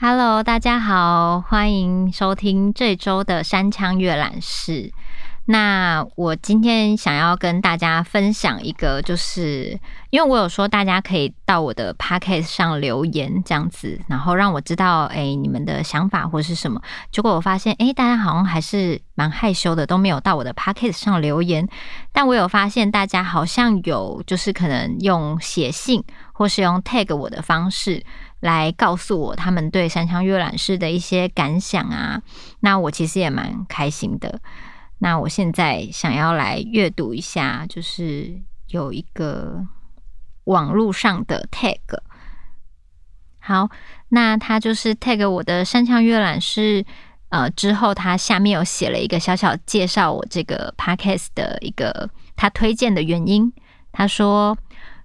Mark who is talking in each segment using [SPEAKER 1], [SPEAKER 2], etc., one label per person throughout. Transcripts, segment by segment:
[SPEAKER 1] Hello，大家好，歡迎收聽這周的三越《山羌閱覽室》。那我今天想要跟大家分享一個，就是因為我有說大家可以到我的 podcast 上留言。這樣子，然後讓我知道，誒、欸、你們的想法或是什麼。結果我發現，誒、欸、大家好像還是蠻害羞的，都沒有到我的 podcast 上留言。但我有發現，大家好像有就是可能用寫信或是用 tag 我的方式，來告訴我他們對山羌閱覽室的一些感想啊。那我其實也蠻開心的。那我現在想要來閱讀一下，就是有一個網絡上的 tag。好，那他就是 tag 我的山羌閱覽室，呃、之後，他下面有寫了一個小小介紹我這個 podcast 的一個他推薦的原因。他說，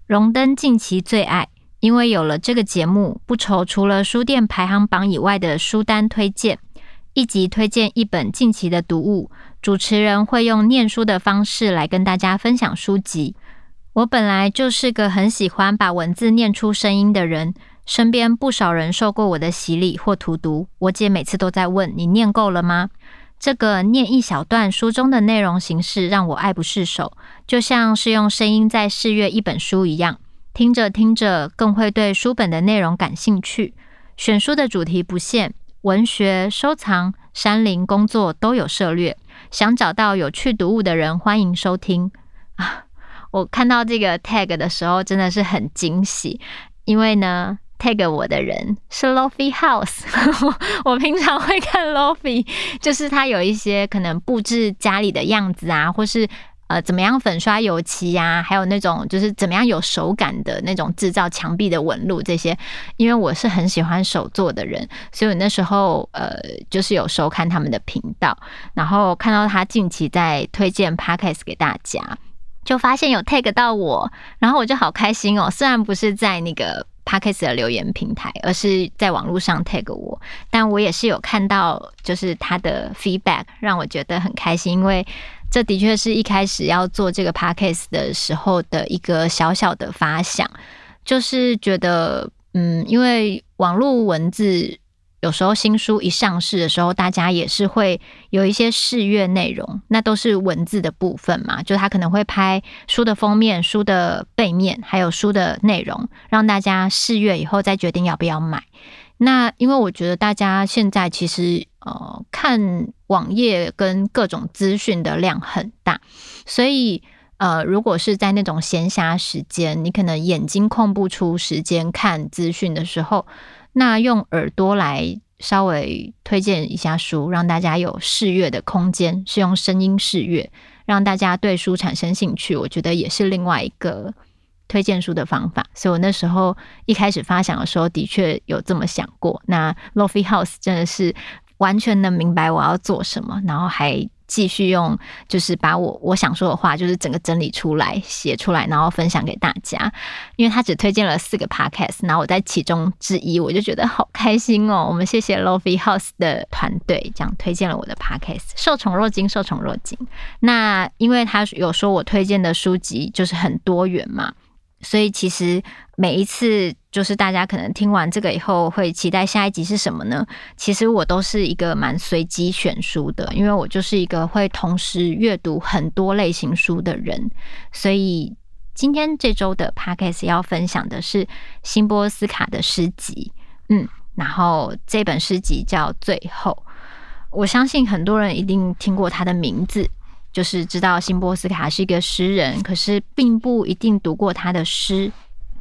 [SPEAKER 1] 榮登近期最愛，因為有了這個節目，不愁除了書店排行榜以外的書單推薦，一集推薦一本近期的讀物，主持人會用念書的方式來跟大家分享書籍。我本來就是個很喜歡把文字念出聲音的人，身邊不少人受過我的洗禮或荼毒。我姐每次都在問：“你念夠了嗎？”這個念一小段書中的內容形式讓我愛不釋手，就像是用聲音在試閱一本書一樣。聽着聽着，更會對書本的內容感興趣。選書的主題不限，文學、收藏、山林、工作都有涉獵。想找到有趣讀物的人，歡迎收聽啊！我看到這個 tag 的時候，真的是很驚喜，因為呢，tag 我的人是 Lofi House， 我平常會看 Lofi 就是他有一些可能布置家裡的樣子啊，或是。呃，怎麼樣粉刷油漆呀、啊？還有那種就是怎麼樣有手感的那種製造牆壁的紋路這些，因為我是很喜歡手作的人，所以我那時候呃，就是有收看他們的頻道，然後看到他近期在推薦 Podcast 給大家，就發現有 Tag 到我，然後我就好開心哦、喔。雖然不是在那個 Podcast 的留言平台，而是在網絡上 Tag 我，但我也是有看到就是他的 feedback，讓我覺得很開心，因為。這的確是一開始要做這個 podcast 的時候的一個小小的發想，就是覺得，嗯，因為網絡文字有時候新書一上市的時候，大家也是會有一些試閱內容，那都是文字的部分嘛，就他可能會拍書的封面、書的背面，還有書的內容，讓大家試閱以後再決定要不要買。那因為我覺得大家現在其實。呃，看網頁跟各種資訊的量很大，所以呃，如果是在那種閒暇時間，你可能眼睛空不出時間看資訊的時候，那用耳朵來稍微推薦一下書，讓大家有試閱的空間，是用聲音試閱，讓大家對書產生興趣，我覺得也是另外一個推薦書的方法。所以我那時候一開始發想的時候，的確有這麼想過。那 Lofi House 真的是。完全能明白我要做什麼，然後還繼續用，就是把我我想說的話，就是整個整理出來寫出來，然後分享給大家。因為他只推薦了四個 podcast，然後我在其中之一，我就覺得好開心哦。我們謝謝 Lofi House 的團隊這樣推薦了我的 podcast，受寵若驚，受寵若驚。那因為他有說我推薦的書籍就是很多元嘛，所以其實。每一次就是大家可能聽完這個以後會期待下一集是什麼呢？其實我都是一個蠻隨機選書的，因為我就是一個會同時閱讀很多類型書的人，所以今天這週的 Podcast 要分享的是辛波絲卡的詩集，嗯，然後這本詩集叫《最後》，我相信很多人一定聽過他的名字，就是知道辛波絲卡是一個詩人，可是並不一定讀過他的詩。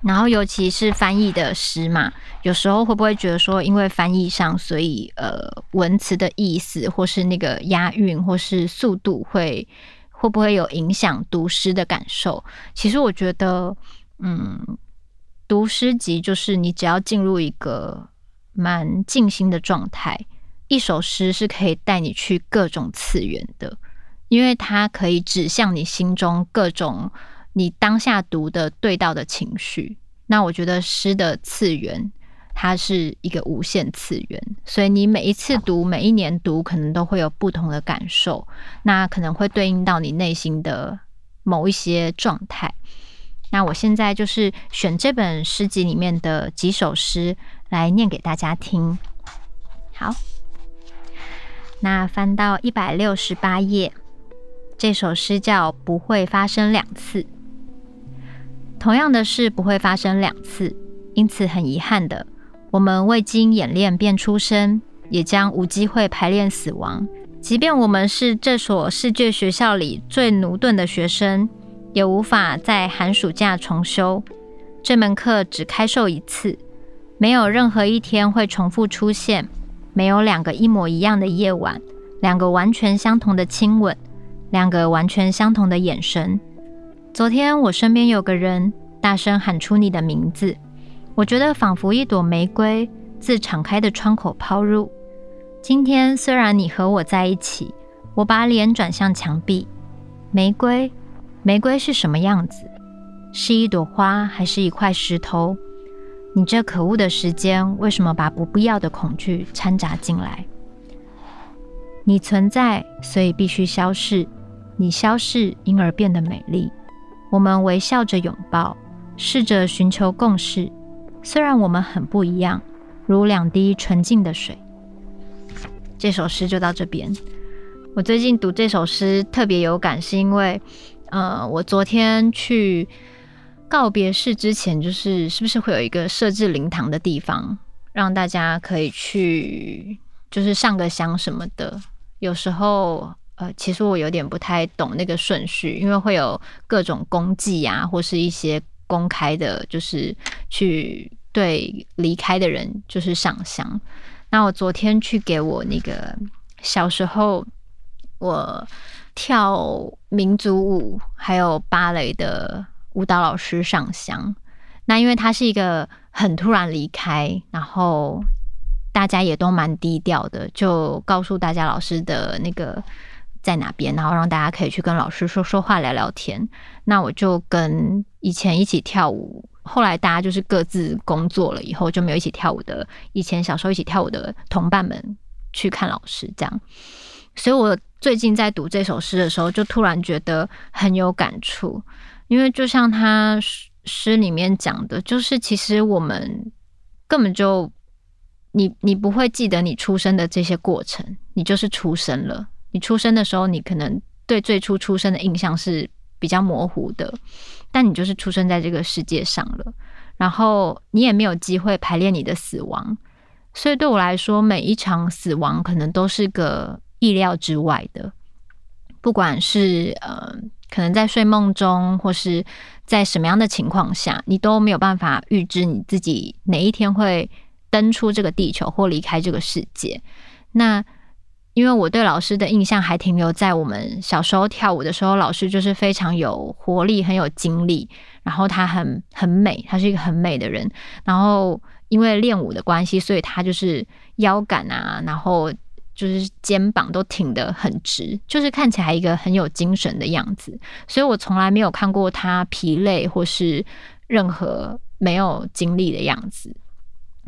[SPEAKER 1] 然後，尤其是翻譯的詩嘛，有時候會不會覺得說，因為翻譯上，所以呃，文詞的意思，或是那個押韻，或是速度會，會會不會有影響讀詩的感受？其實我覺得，嗯，讀詩集就是你只要進入一個蠻靜心的狀態，一首詩是可以帶你去各種次元的，因為它可以指向你心中各種。你當下讀的對到的情緒，那我覺得詩的次元，它是一個無限次元，所以你每一次讀，每一年讀，可能都會有不同的感受，那可能會對應到你內心的某一些狀態。那我現在就是選這本詩集裡面的幾首詩來念給大家聽。好，那翻到一百六十八頁，這首詩叫《不會發生兩次》。同樣的事不會發生兩次，因此很遺憾的，我們未經演練便出生，也將無機會排練死亡。即便我們是這所世界學校裡最駑鈍的學生，也無法在寒暑假重修這門課，只開授一次，沒有任何一天會重複出現，沒有兩個一模一樣的夜晚，兩個完全相同的親吻，兩個完全相同的眼神。昨天，我身邊有個人大聲喊出你的名字，我覺得仿佛一朵玫瑰自敞開的窗口拋入。今天，雖然你和我在一起，我把臉轉向牆壁。玫瑰，玫瑰是什麼樣子？是一朵花，還是一塊石頭？你這可惡的時間，為什麼把不必要的恐懼摻雜進來？你存在，所以必須消逝；你消逝，因而變得美麗。我們微笑着擁抱，試着尋求共識。雖然我們很不一樣，如兩滴純淨的水。這首詩就到這邊。我最近讀這首詩特別有感，是因為，呃，我昨天去告別式之前，就是是不是會有一個設置靈堂的地方，讓大家可以去，就是上個香什麼的。有時候。呃，其實我有點不太懂那個順序，因為會有各種公祭呀、啊，或是一些公開的，就是去對離開的人就是上香。那我昨天去給我那個小時候我跳民族舞還有芭蕾的舞蹈老師上香，那因為他是一個很突然離開，然後大家也都蠻低調的，就告訴大家老師的那個。在哪邊，然後讓大家可以去跟老師說說話、聊聊天。那我就跟以前一起跳舞，後來大家就是各自工作了以後，就沒有一起跳舞的，以前小時候一起跳舞的同伴們，去看老師這樣。所以我最近在讀這首詩的時候，就突然覺得很有感觸，因為就像他詩裡面講的，就是其實我們根本就你你不會記得你出生的這些過程，你就是出生了。你出生的時候，你可能對最初出生的印象是比較模糊的，但你就是出生在這個世界上了。然後你也沒有機會排練你的死亡，所以對我來說，每一場死亡可能都是個意料之外的。不管是呃，可能在睡夢中，或是在什麼樣的情況下，你都沒有辦法預知你自己哪一天會登出這個地球或離開這個世界。那因為我對老師的印象還停留在我們小時候跳舞的時候，老師就是非常有活力，很有精力，然後他很很美，他是一個很美的人。然後因為練舞的關係，所以他就是腰桿啊，然後就是肩膀都挺得很直，就是看起來一個很有精神的樣子。所以我從來沒有看過他疲累或是任何沒有精力的樣子。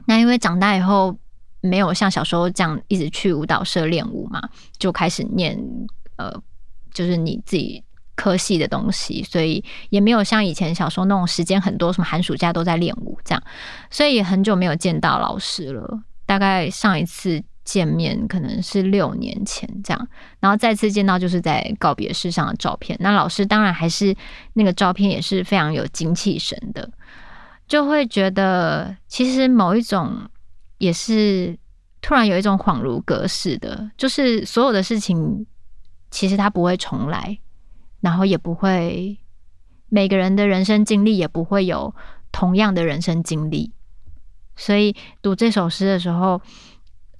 [SPEAKER 1] 那因為長大以後，沒有像小時候這樣一直去舞蹈社練舞嘛，就開始念呃，就是你自己科系的東西，所以也沒有像以前小時候那種時間很多，什麼寒暑假都在練舞這樣，所以也很久沒有見到老師了。大概上一次見面可能是六年前這樣，然後再次見到就是在告別式上的照片。那老師當然還是那個照片也是非常有精氣神的，就會覺得其實某一種。也是突然有一種恍如隔世的，就是所有的事情其實它不會重來，然後也不會每個人的人生經歷也不會有同樣的人生經歷，所以讀這首詩的時候，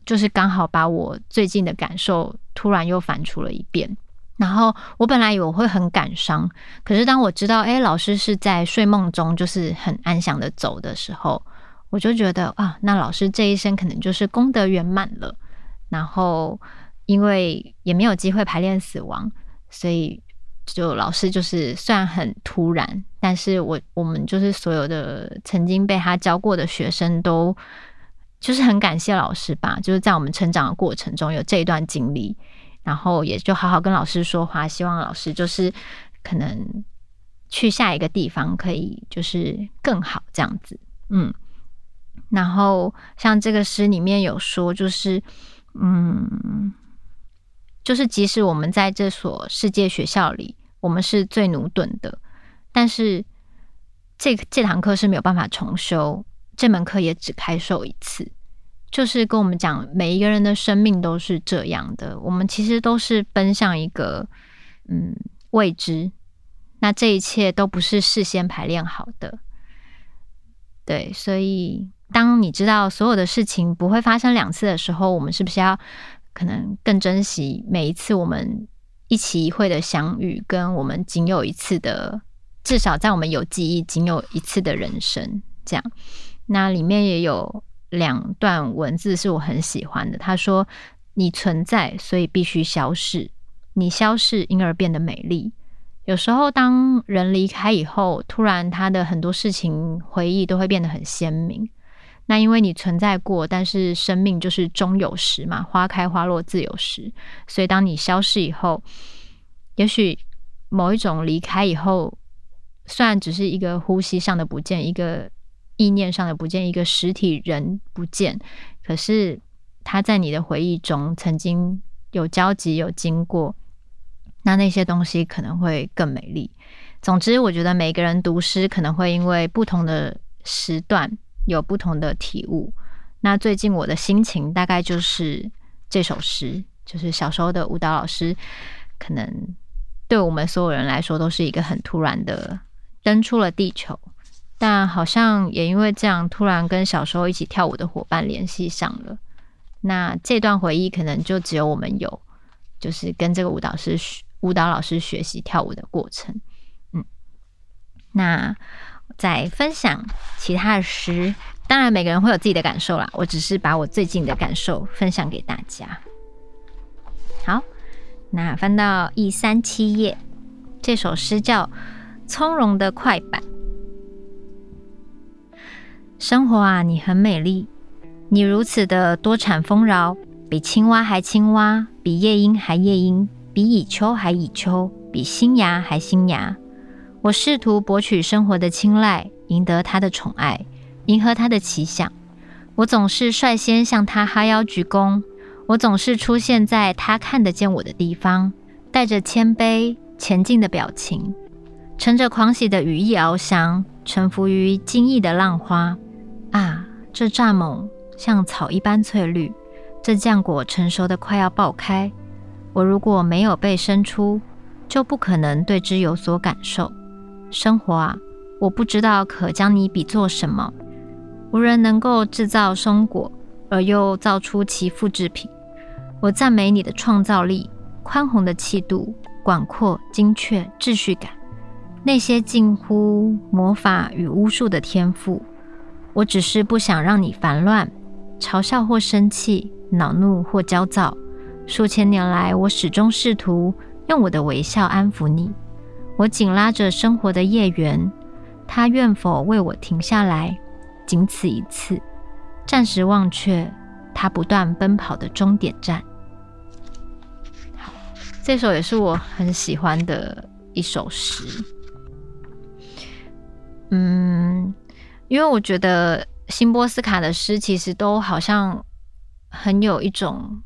[SPEAKER 1] 就是剛好把我最近的感受突然又反芻了一遍。然後我本來以為我會很感傷，可是當我知道，哎、欸，老師是在睡夢中就是很安詳的走的時候。我就覺得啊，那老師這一生可能就是功德圓滿了。然後，因為也沒有機會排練死亡，所以就老師就是雖然很突然，但是我我們就是所有的曾經被他教過的學生都就是很感謝老師吧。就是在我們成長的過程中有這一段經歷，然後也就好好跟老師說話，希望老師就是可能去下一個地方可以就是更好這樣子，嗯。然後，像這個詩裡面有說，就是，嗯，就是即使我們在這所世界學校裡，我們是最遲鈍的，但是這這堂課是沒有辦法重修，這門課也只開授一次。就是跟我們講，每一個人的生命都是這樣的，我們其實都是奔向一個嗯未知，那這一切都不是事先排練好的，對，所以。當你知道所有的事情不會發生兩次的時候，我們是不是要可能更珍惜每一次我們一起會的相遇，跟我們僅有一次的至少在我們有記憶僅有一次的人生？這樣，那裡面也有兩段文字是我很喜歡的。他說：“你存在，所以必須消逝；你消逝，因而變得美麗。”有時候，當人離開以後，突然他的很多事情回憶都會變得很鮮明。那因為你存在過，但是生命就是終有時嘛，花開花落自有時。所以當你消失以後，也許某一種離開以後，雖然只是一個呼吸上的不見，一個意念上的不見，一個實體人不見，可是他在你的回憶中曾經有交集、有經過，那那些東西可能會更美麗。總之，我覺得每個人讀詩可能會因為不同的時段。有不同的體悟。那最近我的心情大概就是這首詩，就是小時候的舞蹈老師，可能對我們所有人來說都是一個很突然的登出了地球，但好像也因為這樣，突然跟小時候一起跳舞的夥伴聯繫上了。那這段回憶可能就只有我們有，就是跟這個舞蹈師、舞蹈老師學習跳舞的過程。嗯，那。在分享其他的詩，當然每個人會有自己的感受啦。我只是把我最近的感受分享給大家。好，那翻到一三七頁，這首詩叫《從容的快板》。生活啊，你很美麗，你如此的多產豐饒，比青蛙還青蛙，比夜鶯還夜鶯，比蟻丘還蟻丘，比新芽還新芽。我試圖博取生活的青睞，贏得他的寵愛，迎合他的奇想。我總是率先向他哈腰鞠躬，我總是出現在他看得見我的地方，帶着謙卑前進的表情，乘着狂喜的羽翼翱翔，臣服於驚異的浪花。啊，這蚱蜢像草一般翠綠，這漿果成熟的快要爆開。我如果沒有被生出，就不可能對之有所感受。生活啊，我不知道可將你比作什麼。無人能夠製造松果而又造出其複製品。我讚美你的創造力、寬宏的氣度、廣闊、精確、秩序感，那些近乎魔法與巫術的天賦。我只是不想讓你煩亂、嘲笑或生氣、惱怒或焦躁。數千年來，我始終試圖用我的微笑安撫你。我緊拉着生活的葉緣，他願否為我停下來？僅此一次，暫時忘卻他不斷奔跑的終點站。好，這首也是我很喜歡的一首詩。嗯，因為我覺得辛波絲卡的詩其實都好像很有一種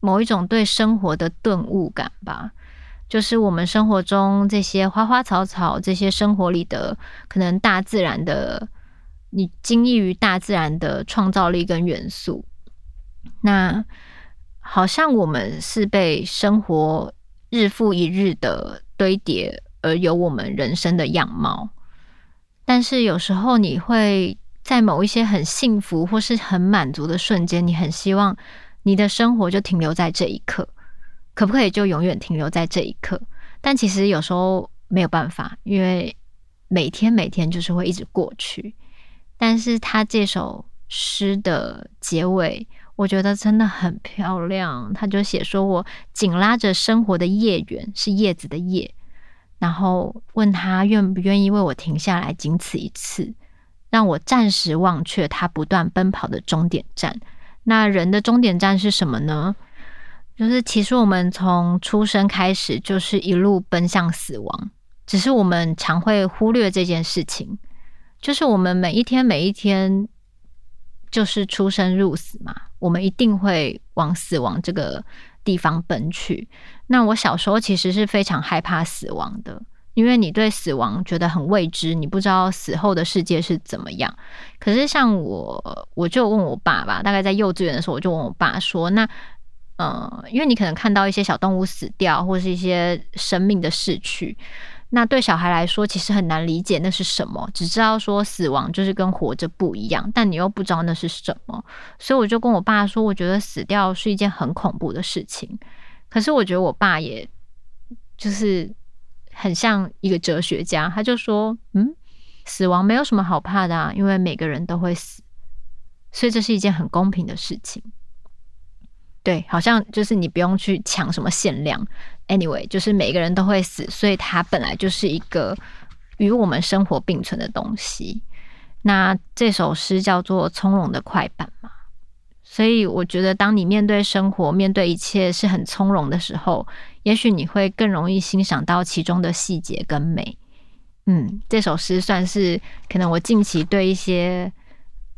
[SPEAKER 1] 某一種對生活的頓悟感吧。就是我們生活中這些花花草草，這些生活裡的可能大自然的，你驚異於大自然的創造力跟元素。那好像我們是被生活日復一日的堆疊而有我們人生的樣貌。但是有時候你會在某一些很幸福或是很滿足的瞬間，你很希望你的生活就停留在這一刻。可不可以就永遠停留在這一刻？但其實有時候沒有辦法，因為每天每天就是會一直過去。但是他這首詩的結尾，我覺得真的很漂亮。他就寫說：“我緊拉着生活的葉緣，是葉子的葉，然後問他願不願意為我停下來僅此一次，讓我暫時忘卻他不斷奔跑的終點站。那人的終點站是什麼呢？”就是其實我們從出生開始就是一路奔向死亡，只是我們常會忽略這件事情。就是我們每一天每一天就是出生入死嘛，我們一定會往死亡這個地方奔去。那我小時候其實是非常害怕死亡的，因為你對死亡覺得很未知，你不知道死後的世界是怎麼樣。可是像我，我就問我爸吧，大概在幼稚園的時候，我就問我爸說：“那。”嗯，因為你可能看到一些小動物死掉，或是一些生命的逝去，那對小孩來說其實很難理解那是什麼，只知道說死亡就是跟活着不一樣，但你又不知道那是什麼，所以我就跟我爸說，我覺得死掉是一件很恐怖的事情。可是我覺得我爸也就是很像一個哲學家，他就說，嗯，死亡沒有什麼好怕的啊，因為每個人都會死，所以這是一件很公平的事情。對，好像就是你不用去搶什麼限量。Anyway，就是每個人都會死，所以它本來就是一個與我們生活並存的東西。那這首詩叫做《從容的快板》嘛，所以我覺得，當你面對生活、面對一切是很從容的時候，也許你會更容易欣賞到其中的細節跟美。嗯，這首詩算是可能我近期對一些。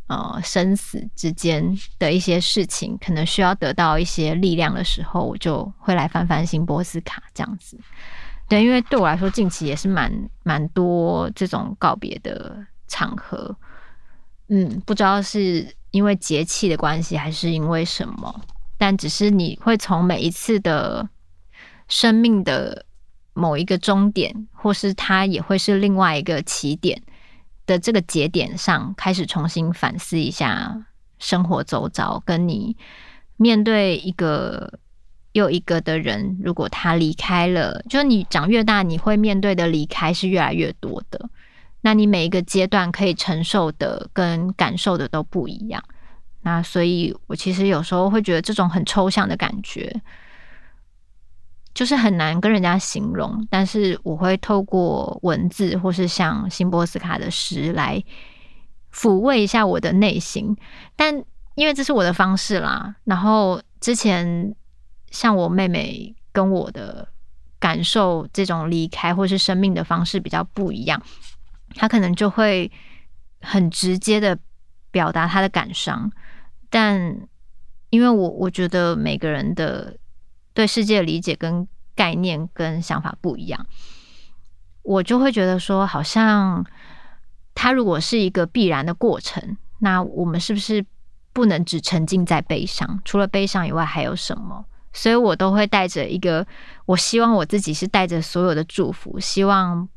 [SPEAKER 1] 呃，生死之間的一些事情，可能需要得到一些力量的時候，我就會來翻翻《辛波絲卡》這樣子。對，因為對我來說，近期也是蠻蠻多這種告別的場合。嗯，不知道是因為節氣的關係，還是因為什麼，但只是你會從每一次的生命的某一個終點，或是它也會是另外一個起點的這個節點上，開始重新反思一下生活周遭，跟你面對一個又一個的人，如果他離開了，就你長越大，你會面對的離開是越來越多的。那你每一個階段可以承受的跟感受的都不一樣。那所以，我其實有時候會覺得這種很抽象的感覺。就是很難跟人家形容，但是我會透過文字，或是像辛波斯卡的詩來撫慰一下我的內心。但因為這是我的方式啦，然後之前像我妹妹跟我的感受，這種離開或是生命的方式比較不一樣，她可能就會很直接的表達她的感傷。但因為我我覺得每個人的。對世界的理解跟概念跟想法不一樣，我就會覺得說，好像它如果是一個必然的過程，那我們是不是不能只沉浸在悲傷？除了悲傷以外，還有什麼？所以我都會帶着一個，我希望我自己是帶着所有的祝福，希望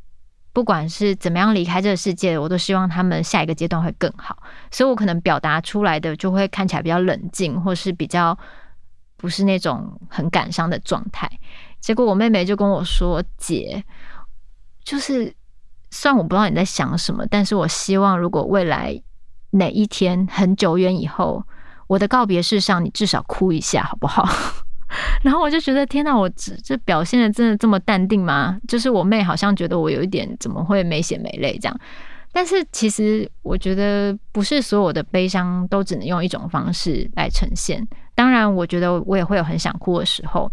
[SPEAKER 1] 不管是怎麼樣離開這個世界，我都希望他們下一個階段會更好。所以我可能表達出來的就會看起來比較冷靜，或是比較。不是那種很感傷的狀態，結果我妹妹就跟我說：“姐，就是雖然我不知道你在想什麼，但是我希望如果未來哪一天很久遠以後，我的告別式上你至少哭一下，好不好？” 然後我就覺得天哪、啊，我這這表現的真的這麼淡定嗎？就是我妹好像覺得我有一點怎麼會沒血沒淚這樣，但是其實我覺得不是所有的悲傷都只能用一種方式來呈現。當然，我覺得我也會有很想哭的時候，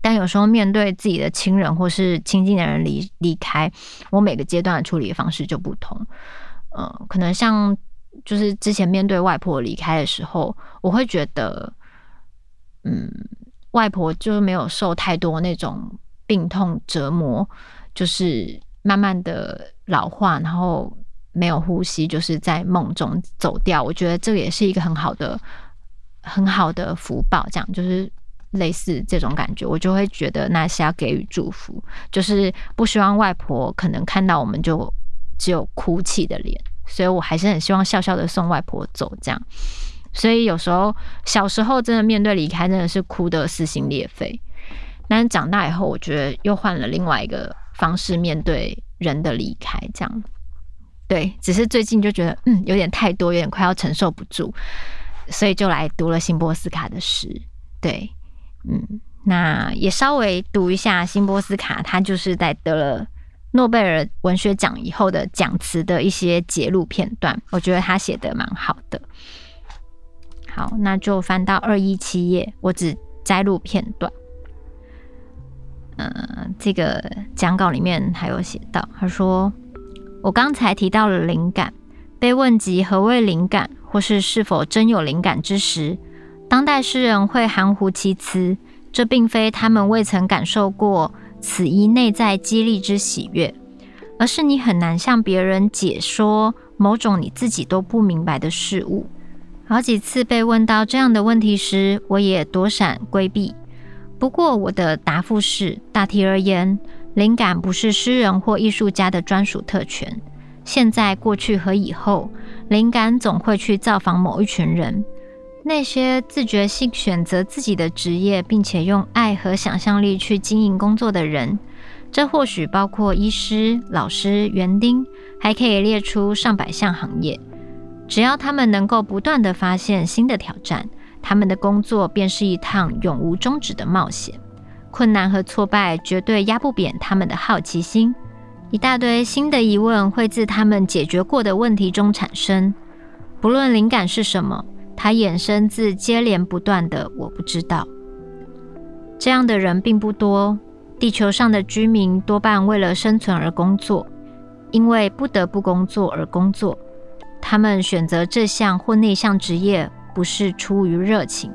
[SPEAKER 1] 但有時候面對自己的親人或是親近的人離離開，我每個階段的處理方式就不同。呃，可能像就是之前面對外婆離開的時候，我會覺得，嗯，外婆就是沒有受太多那種病痛折磨，就是慢慢的老化，然後沒有呼吸，就是在夢中走掉。我覺得這個也是一個很好的。很好的福報，這樣就是類似這種感覺，我就會覺得那是要給予祝福，就是不希望外婆可能看到我們就只有哭泣的臉，所以我還是很希望笑笑的送外婆走，這樣。所以有時候小時候真的面對離開真的是哭得撕心裂肺，但是長大以後我覺得又換了另外一個方式面對人的離開，這樣。對，只是最近就覺得嗯，有點太多，有點快要承受不住。所以就來讀了辛波絲卡的詩，對，嗯，那也稍微讀一下辛波絲卡，他就是在得了諾貝爾文學獎以後的講詞的一些節錄片段，我覺得他寫得蠻好的。好，那就翻到二一七頁，我只摘錄片段。嗯、呃，這個講稿裡面還有寫到，他說：“我剛才提到了靈感，被問及何謂靈感。”或是是否真有靈感之時，當代詩人會含糊其辭。這並非他們未曾感受過此一內在激勵之喜悅，而是你很難向別人解說某種你自己都不明白的事物。好幾次被問到這樣的問題時，我也躲閃規避。不過我的答覆是：大體而言，靈感不是詩人或藝術家的專屬特權。現在、過去和以後，靈感總會去造訪某一群人，那些自覺性選擇自己的職業，並且用愛和想象力去經營工作的人。這或許包括醫師、老師、園丁，還可以列出上百項行業。只要他們能夠不斷地發現新的挑戰，他們的工作便是一趟永無終止的冒險。困難和挫敗絕對壓不扁他們的好奇心。一大堆新的疑問會自他們解決過的問題中產生。不論靈感是什麼，它衍生自接連不斷的“我不知道”。這樣的人並不多。地球上的居民多半為了生存而工作，因為不得不工作而工作。他們選擇這項或那項職業，不是出於熱情，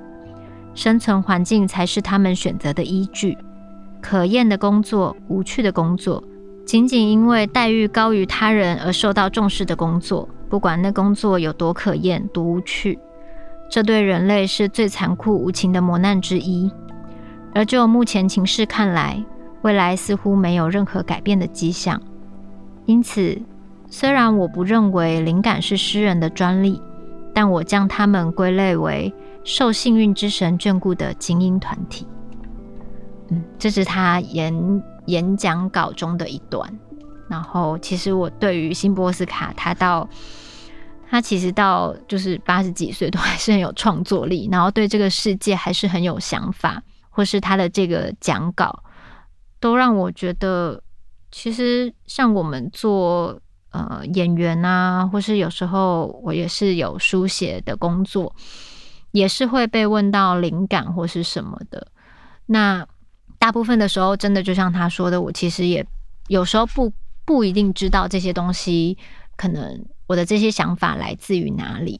[SPEAKER 1] 生存環境才是他們選擇的依據。可厭的工作，無趣的工作。僅僅因為待遇高於他人而受到重視的工作，不管那工作有多可厭、多無趣，這對人類是最殘酷無情的磨難之一。而就目前情勢看來，未來似乎沒有任何改變的跡象。因此，雖然我不認為靈感是詩人的專利，但我將他們歸類為受幸運之神眷顧的精英團體。嗯，這是他言。演講稿中的一段，然後其實我對於辛波絲卡，他到他其實到就是八十幾歲都還是很有創作力，然後對這個世界還是很有想法，或是他的這個講稿，都讓我覺得，其實像我們做呃演員啊，或是有時候我也是有書寫的工作，也是會被問到靈感或是什麼的，那。大部分的時候，真的就像他說的，我其實也有時候不不一定知道這些東西，可能我的這些想法來自於哪裡。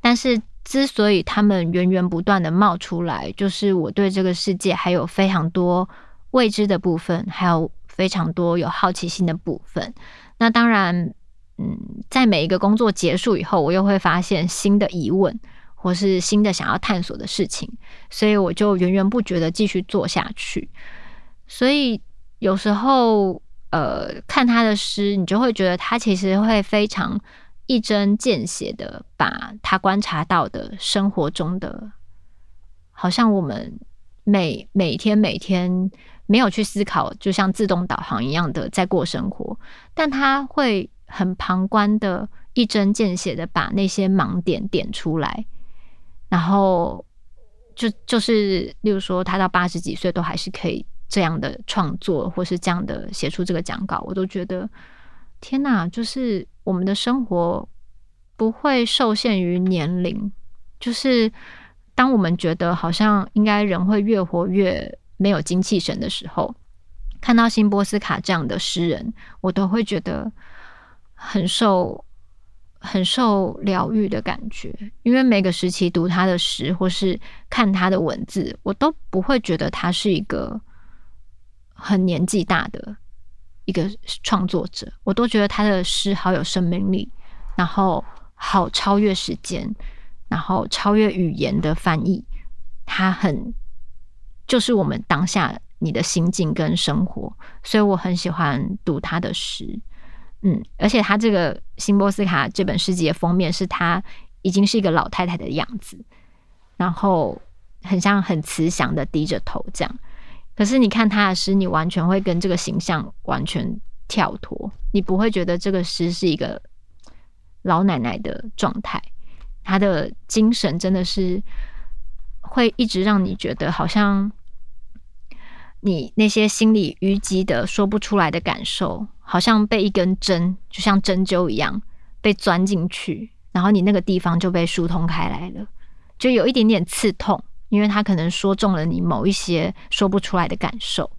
[SPEAKER 1] 但是，之所以他們源源不斷的冒出來，就是我對這個世界還有非常多未知的部分，還有非常多有好奇心的部分。那當然，嗯，在每一個工作結束以後，我又會發現新的疑問。或是新的想要探索的事情，所以我就源源不絕的繼續做下去。所以有時候，呃，看他的詩，你就會覺得他其實會非常一針見血的把他觀察到的生活中的，好像我們每每天每天沒有去思考，就像自動導航一樣的在過生活，但他會很旁觀的，一針見血的把那些盲點點出來。然後就，就就是，例如說，他到八十幾歲都還是可以這樣的創作，或是這樣的寫出這個講稿，我都覺得天哪！就是我們的生活不會受限於年齡。就是當我們覺得好像應該人會越活越沒有精氣神的時候，看到辛波絲卡這樣的詩人，我都會覺得很受。很受療癒的感覺，因為每個時期讀他的詩或是看他的文字，我都不會覺得他是一個很年紀大的一個創作者。我都覺得他的詩好有生命力，然後好超越時間，然後超越語言的翻譯。他很就是我們當下你的心境跟生活，所以我很喜歡讀他的詩。嗯，而且他這個辛波絲卡這本詩集的封面是他已經是一個老太太的樣子，然後很像很慈祥的低着頭這樣。可是你看他的詩，你完全會跟這個形象完全跳脫，你不會覺得這個詩是一個老奶奶的狀態。她的精神真的是會一直讓你覺得好像。你那些心裡淤積的說不出來的感受，好像被一根針，就像針灸一樣被鑽進去，然後你那個地方就被疏通開來了，就有一點點刺痛，因為他可能說中了你某一些說不出來的感受，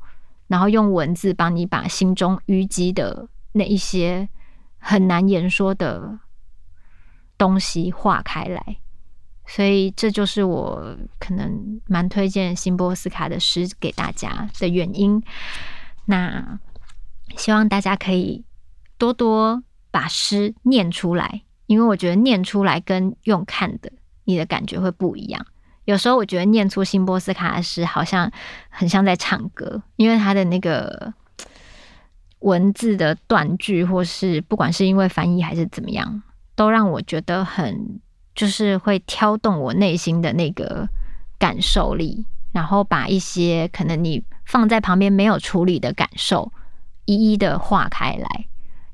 [SPEAKER 1] 然後用文字幫你把心中淤積的那一些很難言說的東西化開來。所以這就是我可能蠻推薦辛波絲卡的詩給大家的原因。那希望大家可以多多把詩念出來，因為我覺得念出來跟用看的，你的感覺會不一樣。有時候我覺得念出辛波絲卡的詩，好像很像在唱歌，因為他的那個文字的斷句，或是不管是因為翻譯還是怎麼樣，都讓我覺得很。就是會挑動我內心的那個感受力，然後把一些可能你放在旁邊沒有處理的感受，一一的化開來，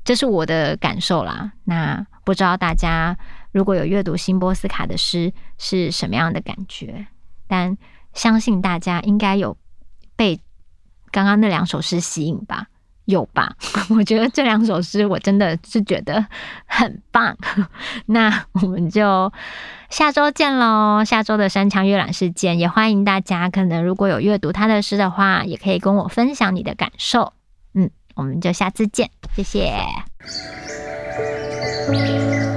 [SPEAKER 1] 這是我的感受啦。那不知道大家如果有閱讀辛波絲卡的詩是什麼樣的感覺，但相信大家應該有被剛剛那兩首詩吸引吧。有吧？ 我覺得這兩首詩，我真的是覺得很棒。 那我們就下周見嘍！下周的山羌閱覽室見。也歡迎大家，可能如果有閱讀他的詩的話，也可以跟我分享你的感受。嗯，我們就下次見，謝謝。